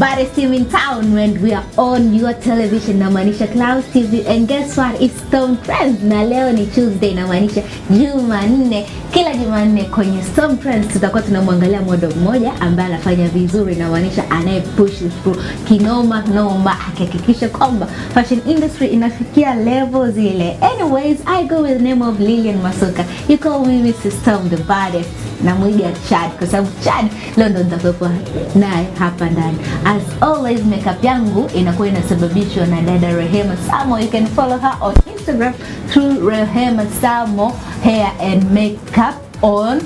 but it's still in town when we are on your television namaanisha Clouds TV and guess what it's Storm friends na leo ni Tuesday namaanisha Jumanne kila Jumanne kwenye Storm friends tutakuwa tunamwangalia modo mmoja ambaye anafanya vizuri namaanisha anaye push through kinoma noma akihakikisha kwamba fashion industry inafikia level zile anyways I go with the name of Lilian Masuka you call me Mrs. Storm the baddest namwiga Chad kwa sababu Chad London, ndo nitakuwepo naye hapa ndani. As always makeup yangu inakuwa inasababishwa na dada Rehema Samo. You can follow her on Instagram through Rehema Samo hair and makeup on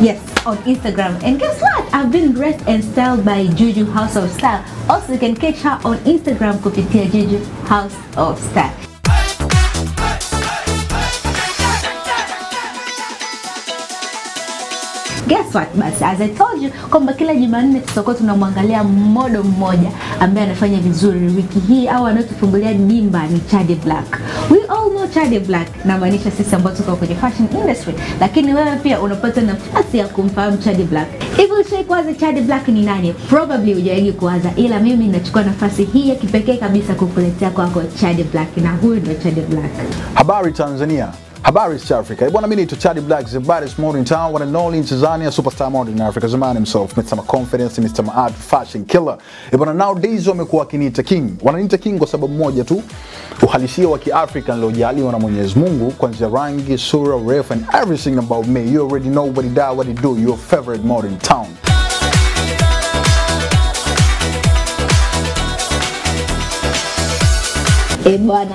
yes on Instagram. And guess what? I've been dressed and styled by Juju House of Style. Also, you can catch her on Instagram kupitia Juju House of Style. Guess what basi, as I told you kwamba kila Jumanne tutakuwa tunamwangalia modo mmoja ambaye anafanya vizuri wiki hii au anayetufungulia dimba ni Chade Black. We all know Chade Black, namaanisha sisi ambao tuko kwenye fashion industry, lakini wewe pia unapata nafasi ya kumfahamu Chade Black. Hivi ushai kuwaza Chade Black ni nani? Probably hujawahi kuwaza, ila mimi nachukua nafasi hii ya kipekee kabisa kukuletea kwako Chade Black, na huyu ndio Chade Black. Habari Tanzania. Habari za Afrika. Eh, bwana mimi ni Chadi Black, the baddest model in town, one and only in Tanzania, superstar model in Africa, the man himself, Mr. Confidence, Mr. Art Fashion Killer. Eh, bwana nowadays wamekuwa wakiniita king. Wananiita king kwa sababu moja tu, uhalisia wa Kiafrika niliojaliwa na Mwenyezi Mungu, kuanzia rangi, sura, urefu and everything about me. You already know what it do, what it do, your favorite model in town. Eh, bwana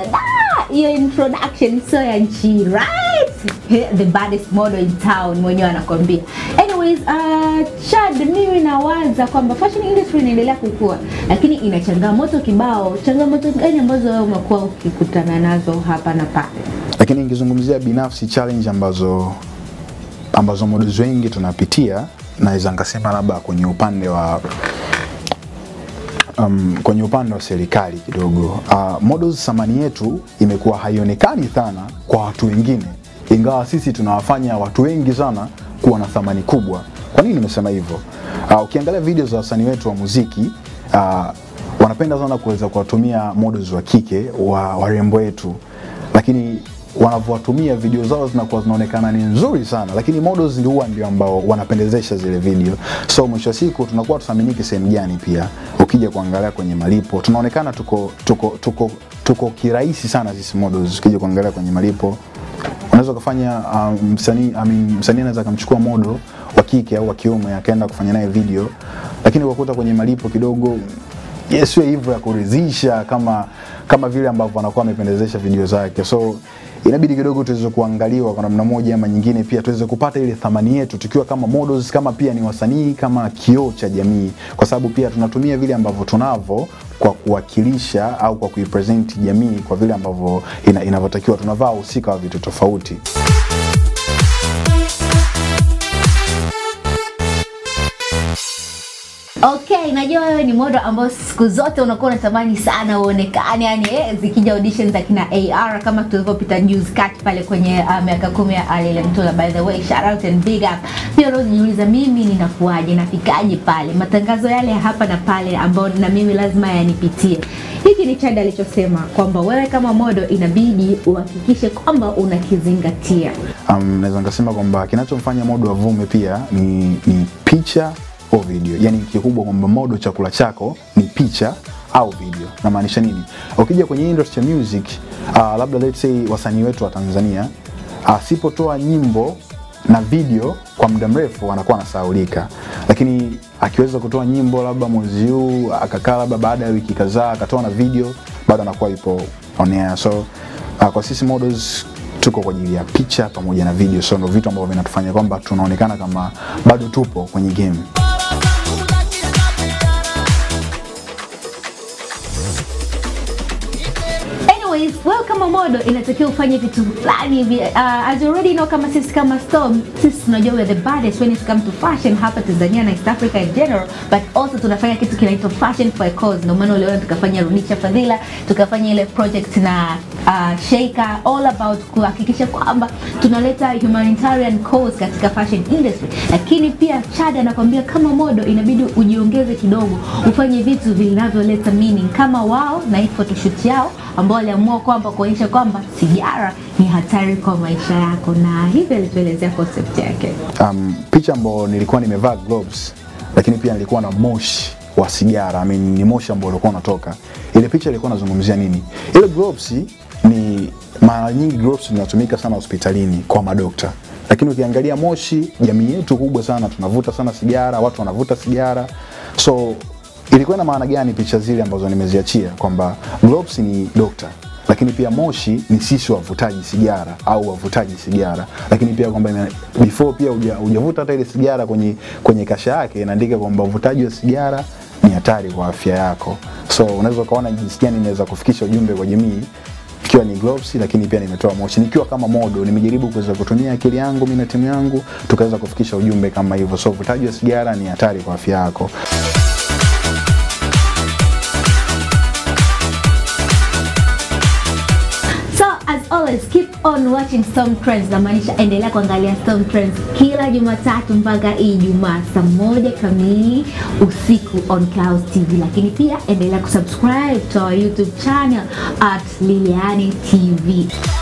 hiyo introduction so ya nchi right the baddest model in town mwenyewe anakwambia anyways uh, chad mimi nawaza kwamba fashion industry inaendelea kukua lakini ina changamoto kibao changamoto gani ambazo wewe umekuwa ukikutana nazo hapa na pale lakini nikizungumzia binafsi challenge ambazo ambazo models wengi tunapitia naweza nikasema labda kwenye upande wa um, kwenye upande wa serikali kidogo uh, models thamani yetu imekuwa haionekani sana kwa watu wengine, ingawa sisi tunawafanya watu wengi sana kuwa na thamani kubwa. Kwa nini nimesema hivyo? Uh, ukiangalia video za wasanii wetu wa muziki uh, wanapenda sana kuweza kuwatumia models wa kike wa warembo wetu, lakini wanavyowatumia video zao zinakuwa zinaonekana ni nzuri sana, lakini models ndio huwa ndio ambao wanapendezesha zile video. So mwisho wa siku tunakuwa tusaminiki sehemu gani? Pia ukija kuangalia kwenye malipo, tunaonekana tuko tuko tuko tuko kirahisi sana sisi models. Ukija kuangalia kwenye malipo, unaweza kufanya um, msanii um, I mean, msanii anaweza akamchukua model wa kike au wa kiume akaenda kufanya naye video, lakini ukakuta kwenye malipo kidogo yasiwe hivyo ya kuridhisha kama kama vile ambavyo anakuwa amependezesha video zake so inabidi kidogo tuweze kuangaliwa kwa namna moja ama nyingine, pia tuweze kupata ile thamani yetu tukiwa kama models, kama pia ni wasanii, kama kioo cha jamii, kwa sababu pia tunatumia vile ambavyo tunavyo kwa kuwakilisha au kwa kuipresent jamii kwa vile ambavyo inavyotakiwa. Tunavaa husika wa vitu tofauti. Okay, najua wewe ni modo ambao siku zote unakuwa unatamani sana uonekane, yani yaani, eh, zikija audition za kina AR kama tulivyopita juzi kati pale kwenye uh, miaka kumi ya Ali Mtula, by the way shout out and big up. Pia unajiuliza mimi ninakuaje, nafikaje pale matangazo yale hapa na pale ambao na mimi lazima yanipitie. Hiki ni Chande alichosema kwamba wewe kama modo inabidi uhakikishe kwamba unakizingatia. Um, naweza nikasema kwamba kinachomfanya modo avume pia ni, ni picha au video. Yaani kikubwa kwamba modo chakula chako ni picha au video. Namaanisha nini? Ukija kwenye industry ya music, uh, labda let's say wasanii wetu wa Tanzania asipotoa ah, uh, nyimbo na video kwa muda mrefu anakuwa anasahaulika, lakini akiweza kutoa nyimbo labda mwezi huu akakaa labda baada ya wiki kadhaa akatoa na video bado anakuwa ipo on air. So uh, kwa sisi models tuko kwa ajili ya picha pamoja na video, so ndio vitu ambavyo vinatufanya kwamba tunaonekana kama bado tupo kwenye game. always welcome kama inatakiwa ufanye vitu fulani uh, as you already know kama sisi kama Storm sisi tunajua we are the baddest when it comes to fashion hapa Tanzania na East Africa in general but also tunafanya kitu kinaitwa fashion for a cause ndio maana uliona tukafanya Runicha Fadhila tukafanya ile project na uh, Sheika all about kuhakikisha kwamba tunaleta humanitarian cause katika fashion industry, lakini pia Chad anakwambia kama modo inabidi ujiongeze kidogo, ufanye vitu vinavyoleta meaning kama wao na hii photoshoot yao ambao waliamua kwamba kuonyesha kwamba sigara ni hatari kwa maisha yako, na hivyo alituelezea concept yake. Um, picha ambayo nilikuwa nimevaa gloves, lakini pia nilikuwa na moshi wa sigara. I mean, ni moshi ambao ulikuwa unatoka. Ile picha ilikuwa inazungumzia nini? Ile gloves ni mara nyingi gloves zinatumika sana hospitalini kwa madokta, lakini ukiangalia Moshi, jamii yetu kubwa sana tunavuta sana sigara, watu wanavuta sigara, so ilikuwa na maana gani picha zile ambazo nimeziachia kwamba gloves ni dokta lakini pia Moshi ni sisi wavutaji sigara au wavutaji sigara, lakini pia kwamba before pia hujavuta hata ile sigara kwenye, kwenye kasha yake inaandika kwamba uvutaji wa sigara ni hatari kwa afya yako. So unaweza ukaona jinsi gani inaweza kufikisha ujumbe kwa jamii ikiwa ni gloves, lakini pia nimetoa moshi nikiwa kama modo. Nimejaribu kuweza kutumia akili yangu mimi na timu yangu tukaweza kufikisha ujumbe kama hivyo. So uvutaji wa sigara ni hatari kwa afya yako. So as always, on watching Storm Trends na endelea kuangalia Storm Trends kila Jumatatu mpaka Ijumaa saa moja kamili usiku on Clouds TV, lakini pia endelea kusubscribe to our YouTube channel at Liliani TV.